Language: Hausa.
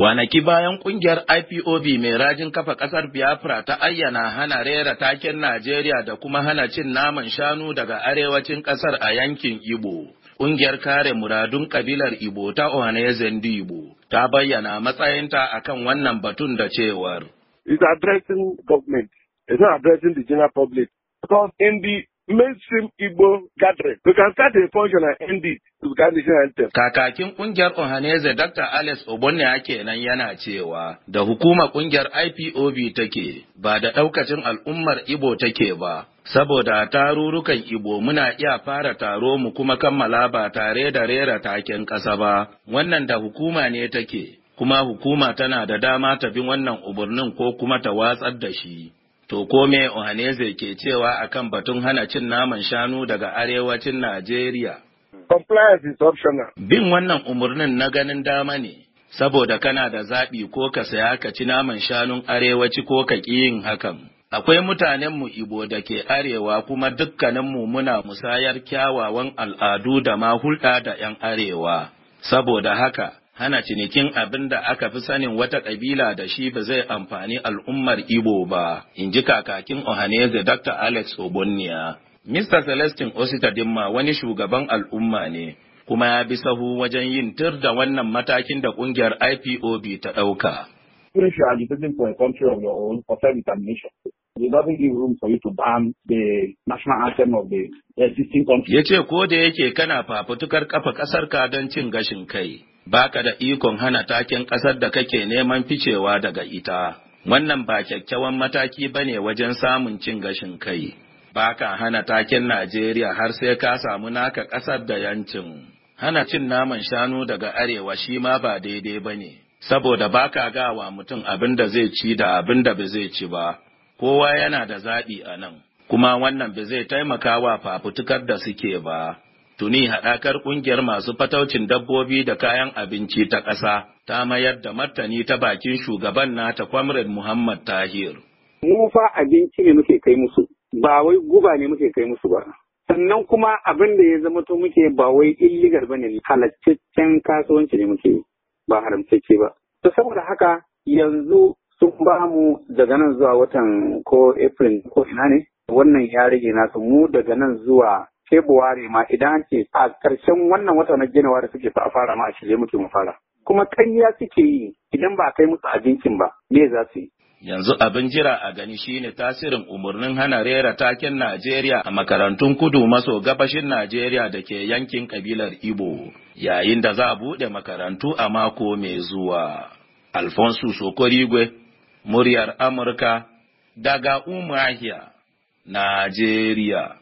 Kwanaki bayan kungiyar IPOB mai rajin kafa ƙasar Biafra ta ayyana hana rera taken Najeriya da kuma hana cin naman shanu daga arewacin ƙasar a yankin ibo Kungiyar kare muradun kabilar ibo ta Ohanezendi Igbo ta bayyana matsayinta a kan wannan batun da cewar. It's addressing government. It's not addressing the general public. Because in the mainstream Igbo gathering. We can start a function and end it Kakakin kungiyar Ohaneze Dr. Alex Obonne nan yana cewa da hukuma kungiyar IPOB take ba da ɗaukacin al'ummar ibo take ba. Saboda tarurukan ibo muna iya fara taro mu kuma kammala ba tare da rera taken ƙasa ba, wannan da hukuma ne take, kuma hukuma tana da dama ta bin wannan umarnin ko kuma ta watsar da shi. To kome Ohaneze ke cewa akan batun hana cin naman shanu daga arewacin Najeriya. Compliance is optional. Bin wannan umarnin na ganin dama ne, saboda kana da zaɓi ko ka saya ka ci naman shanun arewaci ko ka ƙi yin hakan. Akwai mutanenmu Ibo da ke arewa kuma dukkaninmu muna musayar kyawawan al'adu da ma hulɗa da ‘yan arewa. Saboda haka, hana cinikin abin da aka fi sanin wata ƙabila da shi ba zai amfani al'ummar Igbo ba, in ji kakakin Ohaneze Dr. Alex Obonnia. Mr. Celestin Ositadimma wani shugaban al'umma ne, kuma ya bi sahu wajen yin tir da wannan matakin da ƙungiyar IPOB ta ɗauka. Ya ce ko da yake kana fafutukar kafa ƙasarka don cin gashin kai, baka da ikon hana takin ƙasar da kake neman ficewa daga ita. Wannan ba kyakkyawan mataki ba ne wajen samun cin gashin kai. Baka hana takin Najeriya har sai ka samu naka ƙasar da yancin. Hana cin naman shanu daga arewa shi ma ba daidai ba ne, saboda baka gawa mutum abin da zai ci da abin da ba zai ci ba. Kowa yana da zaɓi a nan, kuma wannan ba zai taimaka wa fafutukar da suke ba. Tuni haɗakar ƙungiyar masu fataucin dabbobi da kayan abinci ta ƙasa ta mayar da martani ta bakin shugaban nata Kwamrad Muhammad Tahir. Mu fa abinci ne muke kai musu, ba wai guba ne muke kai musu ba. Sannan kuma abin da ya zama to muke ba wai illigar ba ne halaccen kasuwanci ne muke ba haramtacce ba. To saboda haka yanzu sun ba mu daga nan zuwa watan ko April ko ina ne? Wannan ya rage nasu mu daga nan zuwa February ma idan ce a ƙarshen wannan wata na January suke fa a fara ma a shirye muke mu fara. Kuma ƙarya suke yi idan ba a kai musu abincin ba me za su yi. Yanzu abin jira a gani shine tasirin umarnin hana rera taken Najeriya a makarantun kudu maso gabashin Najeriya da ke yankin kabilar Igbo yayin da za a buɗe makarantu a mako mai zuwa. Alfonso Sokorigwe, muryar Amurka, daga Umahia, Najeriya.